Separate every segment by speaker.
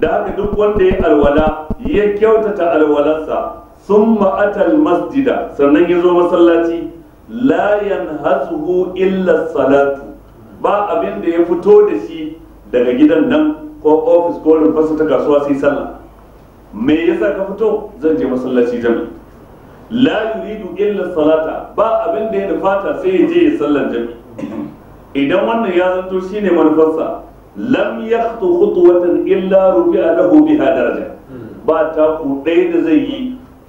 Speaker 1: da haka duk wanda ya alwala ya kyautata alwalarsa sun ma'atar masjida sannan ya zo masallaci layan yanhasuhu illa salatu ba abin da ya fito da shi daga gidan nan ko ofis ko fasa ta kasuwa sai sallah me yasa ka fito zan je masallaci jami'i la yuridu illa salata ba abin da ya fata sai ya je ya sallar jami idan wannan ya zanto shine manufarsa lam yakhtu khutwatan illa rubi lahu biha daraja ba ta ku ɗaya da zai yi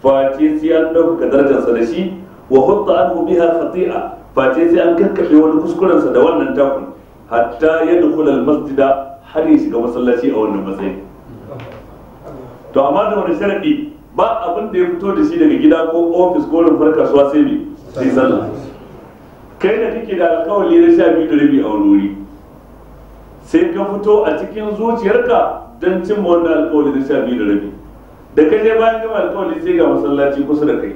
Speaker 1: face sai an ɗaukaka darajarsa da shi wa hutta anhu biha a face sai an kakkaɓe wani kuskurensa da wannan takun hatta ya dukula masjida har shiga masallaci a wannan matsayi to amma da wani sharaɗi ba abin da ya fito da shi daga gida ko ofis ko rumfar kasuwa sai ne sai sallah kai da kake da alƙawari na sha biyu da rabi a wani wuri sai ka fito a cikin zuciyarka don cin wannan alkawali na sha biyu da rabi da ka je bayan gama alkawali sai ga masallaci kusa da kai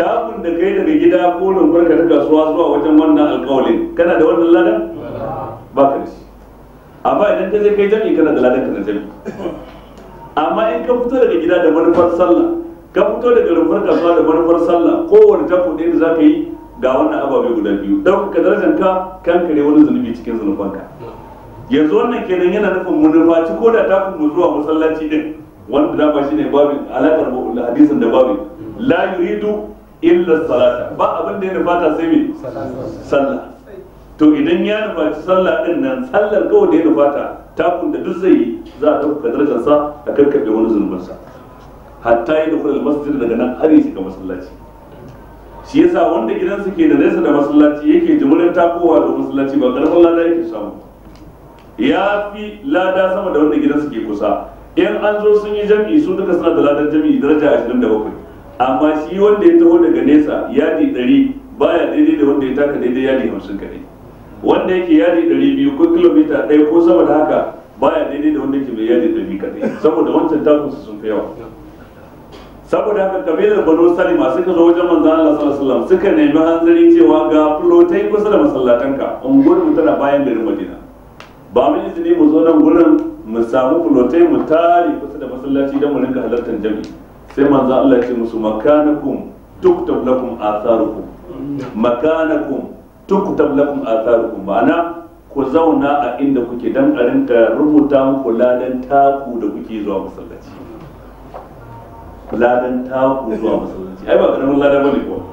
Speaker 1: takun da kai daga gida ko rumfar ka ta kasuwa zuwa wajen wannan alkawali kana da wannan ladan ba ka da shi amma idan ka je kai jami'i kana da ladan ka na jami'i amma in ka fito daga gida da manufar sallah ka fito daga rumfar kasuwa da manufar sallah kowane ta ɗaya da za ka yi ga wannan ababe guda biyu ɗaukaka darajar ka kankare wani zunubi cikin zunubanka yanzu wannan kenan yana nufin mu nufaci ko da takun mu zuwa masallaci din wanda da ba shine babin alaƙar ba'ul hadisin da babin la yuridu illa salata ba abin da ya nufata sai me sallah to idan ya nufaci sallah din nan sallar kawai da ya nufata takun da duk zai za a ɗauka darajar sa a karkaɗe wani zunubin sa hatta ya dukkan almasjid daga nan har ya shiga masallaci shi yasa wanda gidansa ke da nesa da masallaci yake jimurin takowa da masallaci ba ƙarfin lada yake samu ya fi lada sama da wanda gidan ke kusa in an zo sun yi jam'i su duka suna da ladan jam'i daraja ashirin da bakwai amma shi wanda ya taho daga nesa yadi ɗari baya daidai da wanda ya taka daidai yadi hamsin kaɗai wanda yake yadi ɗari biyu ko kilomita ɗaya ko sama da haka baya daidai da wanda yake mai yadi ɗari kaɗai saboda wancan su sun fi yawa saboda haka kabilar banu salima suka zo wajen manzan Allah sallallahu alaihi wasallam suka nemi hanzari cewa ga fulotai kusa da masallatanka unguwar mu tana bayan garin Madina ba mu izini mu zo nan gurin mu samu fulotai mu tare kusa da masallaci don mu rinka halartar jami sai manzo Allah ya ce musu makanakum tuktab lakum atharukum makanakum tuktab lakum atharukum ma'ana ku zauna a inda kuke dan a rinka rubuta muku ladan taku da kuke zuwa masallaci ladan taku zuwa masallaci ai ba karamin ladan bane ko